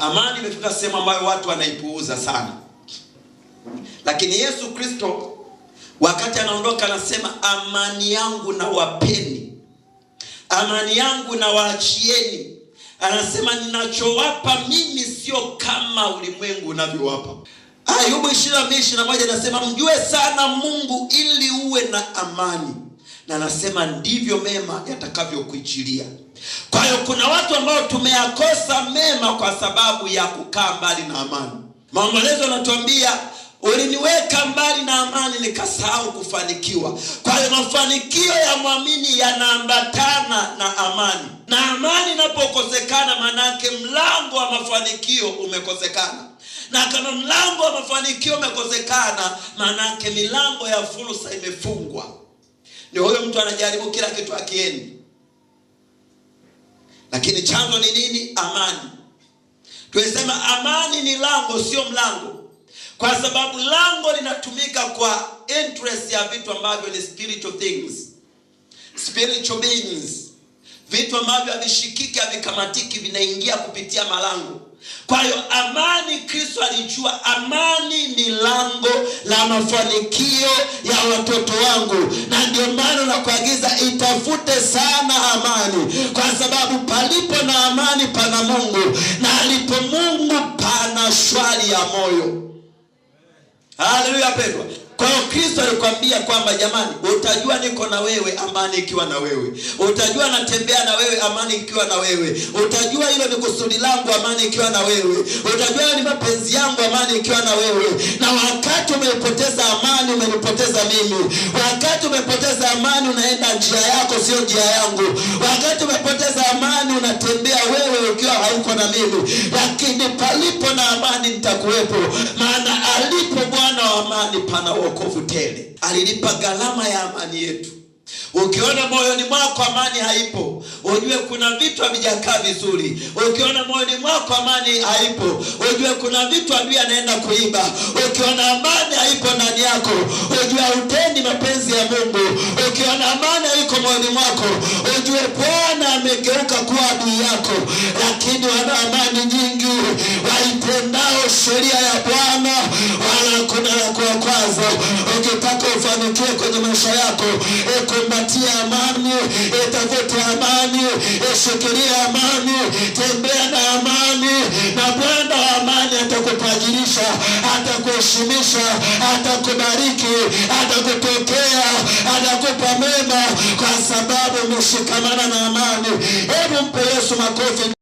Amani imefika sehemu ambayo watu wanaipuuza sana, lakini Yesu Kristo wakati anaondoka anasema, amani yangu na wapeni, amani yangu na waachieni. Anasema ninachowapa mimi sio kama ulimwengu unavyowapa. Ayubu 22:21 anasema mjue sana Mungu ili uwe na amani na anasema ndivyo mema yatakavyokuichilia. Kwa hiyo kuna watu ambao tumeyakosa mema kwa sababu ya kukaa mbali na amani. Maombolezo yanatuambia uliniweka mbali na amani nikasahau kufanikiwa. Kwa hiyo mafanikio ya mwamini yanaambatana na amani, na amani inapokosekana, maanaake mlango wa mafanikio umekosekana, na kama mlango wa mafanikio umekosekana, maanaake milango ya fursa imefungwa. Ndio huyo mtu anajaribu kila kitu akieni lakini chanzo ni nini? Amani. Tumesema amani ni lango, sio mlango, kwa sababu lango linatumika kwa interest ya vitu ambavyo ni spiritual things, spiritual beings, vitu ambavyo havishikiki, havikamatiki, vinaingia kupitia malango. Kwa hiyo amani, Kristo alijua amani ni lango la mafanikio ya watoto wangu, na ndio maana nakuagiza itafute sana amani, kwa sababu palipo na amani pana Mungu, na alipo Mungu pana shwari ya moyo. Haleluya pendwa. Kwa hiyo Kristo alikwambia kwamba jamani, utajua niko na wewe amani ikiwa na wewe, utajua natembea na wewe amani ikiwa na wewe, utajua hilo ni kusudi langu amani ikiwa na wewe, utajua ni mapenzi yangu amani ikiwa na wewe, mimi. Wakati umepoteza amani, unaenda njia yako, sio njia yangu. Wakati umepoteza amani, unatembea wewe ukiwa hauko na mimi, lakini palipo na amani nitakuwepo, maana alipo Bwana wa amani pana wokovu tele. Alilipa gharama ya amani yetu. Ukiona moyoni mwako amani haipo, ujue kuna vitu havijakaa vizuri. Ukiona moyoni mwako amani haipo, ujue kuna vitu adui anaenda kuiba. Ukiona amani haipo ndani yako, ujue hautendi mapenzi ya Mungu. Ukiona amani haiko moyoni mwako, ujue Bwana amegeuka kuwa adui yako, lakini wana maisha yako, ekumbatia amani, etafute amani, eshikilia amani, tembea na amani, na Bwana wa amani atakutajirisha, atakuheshimisha, atakubariki, atakupokea, atakupa mema, kwa sababu umeshikamana na amani. Hebu mpe Yesu makofi.